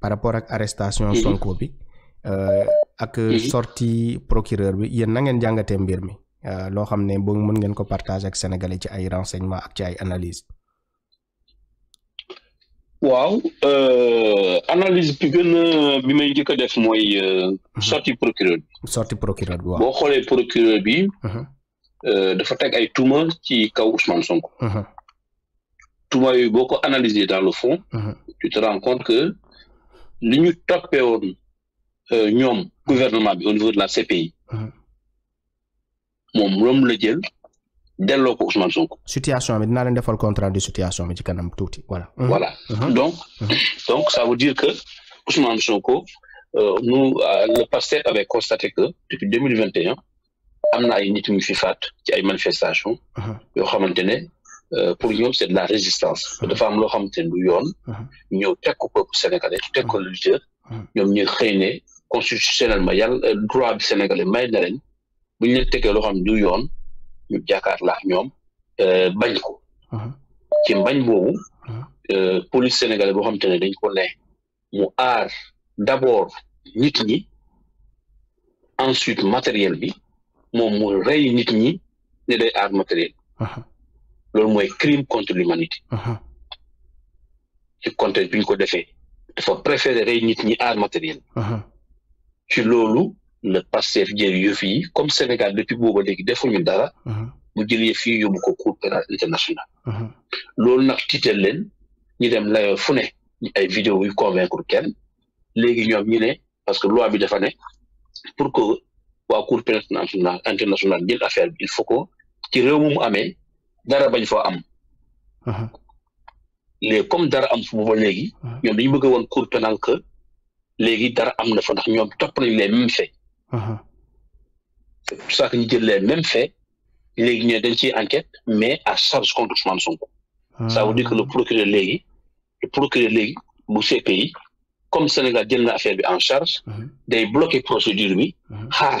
par rapport iya. eh, ak arrestation iya. Sonko bi ak sortie procureur bi yéen na ngeen jàngatee mbir mi eh, loo xam ne boo mën ngeen ko partage ak sénégalais ci ay renseignement ak ci ay analyse waaw eh, analyse bi gën a bi may njëkk a def mooy mhm. sortie procureur bi sortie procureur bi waaw boo procureur bi mhm. dafa ay ci kaw Ousmane Sonko mhm. analyser dans le fond tu te rends compte que li ñu toppee woon euh, gouvernement bi au niveau de la CPI. Hum. moom moom la jël delloo ko Ousmane Sonko. situation bi dinaa leen defal contrat de situation bi ci kanam tuuti voilà. Hum. voilà hum. donc donc ça veut dire que Ousmane Sonko euh, nous euh, le passé avait constaté que depuis 2021, mille vingt et un am na ay nit ñu fi ci ay manifestations. Euh, pour ñoom c'est de la résistance hum. dafa am loo xamante du yoon hum. ñëw ko sénégalais ko hum. ñoom ñu xëy euh, droit sénégalais may na bu ñu xam du yoon ñu jàkkaar laax ñoom euh, bañ ko ci mbañ boobu police sénégalais boo xamante dañ ko ne mu d'abord nit ñi ensuite matériel bi moom mu rey nit ñi ne day matériel loolu mooy crime contre l'humanité ci contexte bi ñu ko defee dafa préférer rey nit ñi art matériel ci loolu le Pastef jël yëf yi comme Sénégal depuis booba léegi defuñu dara mu jël yëf yi yóbbu ko Cour pénal international. loolu nag tiital leen ñu dem layoo fu ne ay vidéo yu convaincre kenn léegi ñoom ñu ne parce que loi bi dafa ne pour que waa Cour pénal international, jël affaire bi il faut que ci réew mu amee dara bañ foo am. mais comme dara am fu booba légui ñoom dañu bëgg won cour pénal que léegi dara am na fa ndax ñom topp nañu les mêmes faits. c'est ça que ñu jël les mêmes faits légui ñoom dañ ci enquête mais à charge contre Ousmane Sonko. ça veut dire que le ah. procureur légui le procureur légui bu CPI comme Sénégal jël na affaire bi en charge. day bloquer procédure bi xaar.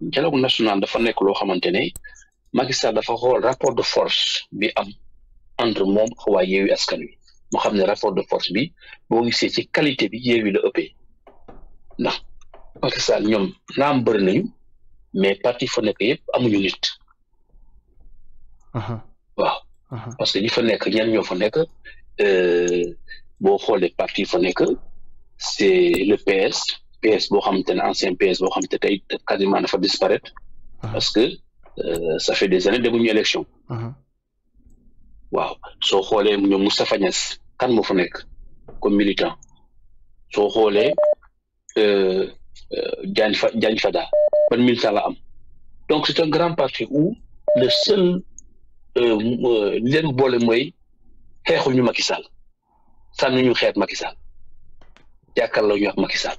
dialogue national dafa nekk loo xamante ne Macky Sall dafa xool rapport de force bi am entre moom ak waa Yewwi Askan Wi mu xam ne rapport de force bi boo gisee ci qualité bi Yewwi la ëppee ndax Macky Sall ñoom naam bëri nañu mais parti fa nekk yëpp amuñu nit. waaw parce que ñi fa nekk ñan ñoo fa nekk euh, boo xoolee parti fa nekk c'est le PS. PS bo xamantene ancien PS bo xamantene tay quasiment dafa disparaître ah. parce que euh, ça fait des années demuñu élection ah. waaw so xolé ñu Moustapha Niass kan mo fa nek comme militant so xolé euh euh Diagne Fada ban militant la am donc c'est un grand parti où le seul euh, euh, li leen boole mooy xeexuñu Macky Sall sànni ñu xeet Macky Sall jàkkaarloo ñu wax Macky Sall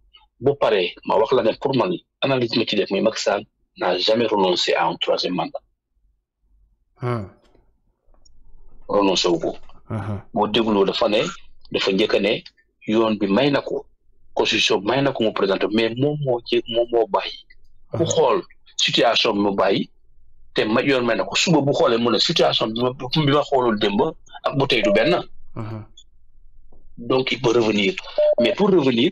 bu paree ma wax la ne pour man analyse ma ci def moy Macky Sall n'a jamais renoncé à un troisième mandat. Ah. renoncé wu ko. boo dégloo dafa ne dafa njëkk ne yoon bi may na ko constitution bi may na ko mu présenté mais moom moo jéeg moom moo bàyyi. bu ah. xool situation bi mu bàyyi te ma yoon may na ko suba bu xoolee mu ne situation bi ma bi ma xoolul démb ak bu tey du Hmm. donc il peut revenir mais pour revenir.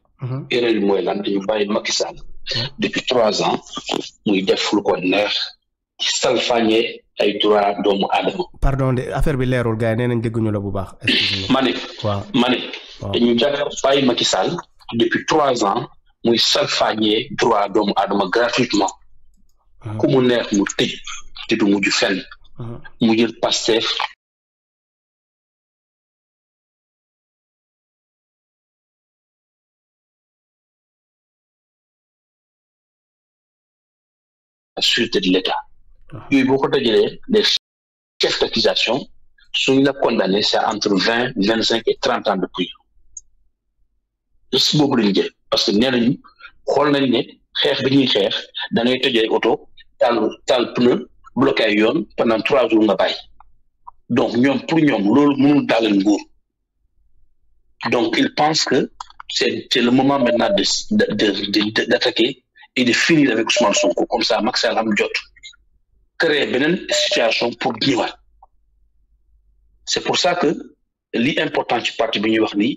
Mm-hmm. erreur moy mooy lan dañu bàyyi Macky Sall depuis 3 ans muy def lu ko neex ci salfaañee ay droit doomu aadama. pardon de affaire bi lérul gars yi nee la bu baax. ma ne. waaw ma dañu jàkkaar bàyyi Macky Sall depuis 3 ans muy salfaañee droit doomu aadama gratuitement. Mm-hmm. ku mu neex mu tëj te du mujj fenn. Mm-hmm. mu jël Pastef suite de l'État. Il y a eu beaucoup de délais, les chefs d'accusation sont c'est entre 20, 25 et 30 ans de prison. Juste pour le parce que nous avons eu, nous avons eu, nous avons eu, nous avons dans le pneu, bloqué pendant trois jours, donc, ils ont pris nous, nous dans le monde. Donc, ils pensent que c'est le moment maintenant d'attaquer de, de, et de finir avec Ousmane Sonko comme ça Macky Sall am jot créer situation pour ñëwaat c'est pour ça que li important ci parti bi ñuy wax nii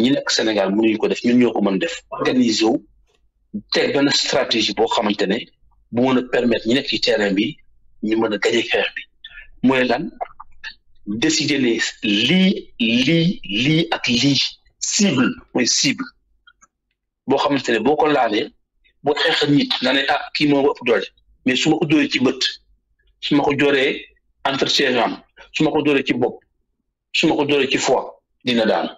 ñi Sénégal ni ko def ñun ñoo ko def organiser wu bonne stratégie pour xamante pour bu permettre ñi nekk ci terrain bi ñu mën a gañe xeex bi mooy lan décider les li, li, li, ak cible mooy cible boo xamante ne qu'on ko boo xeex ak nit naa ne ah kii moo ëpp doole mais su ma ko dóoree ci bët su ma ko dooree entre ses jambes su ma ko dooree ci bopp su ma ko dooree ci foie dina daan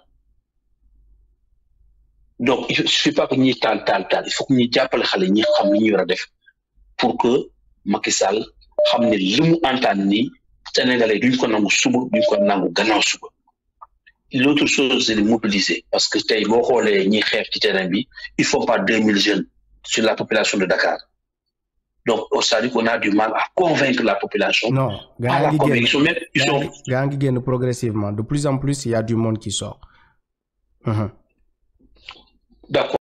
donc il suffit pas que ñuy taal taal taal il faut que ñuy jàppale xale ñi xam li ñuy war a def pour que Macky Sall xam ne li mu antaan nii Sénégalais duñ ko nangu suba duñ ko nangu gannaaw suba l'autre chose c'est de mobiliser parce que tey boo xoolee ñiy xeex ci terrain bi il faut pas deux mille jeunes sur la population de Dakar. Donc, on veut qu'on a du mal à convaincre la population. Non, Gangi progressivement. De plus en plus, il y a du monde qui sort. Mhm. D'accord.